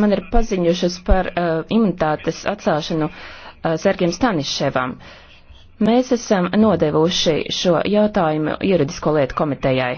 man ir paziņušas par uh, imunitātes atcelšanu uh, Sergiem Staniševam. Mēs esam nodevuši šo jautājumu juridisko lietu komitejai.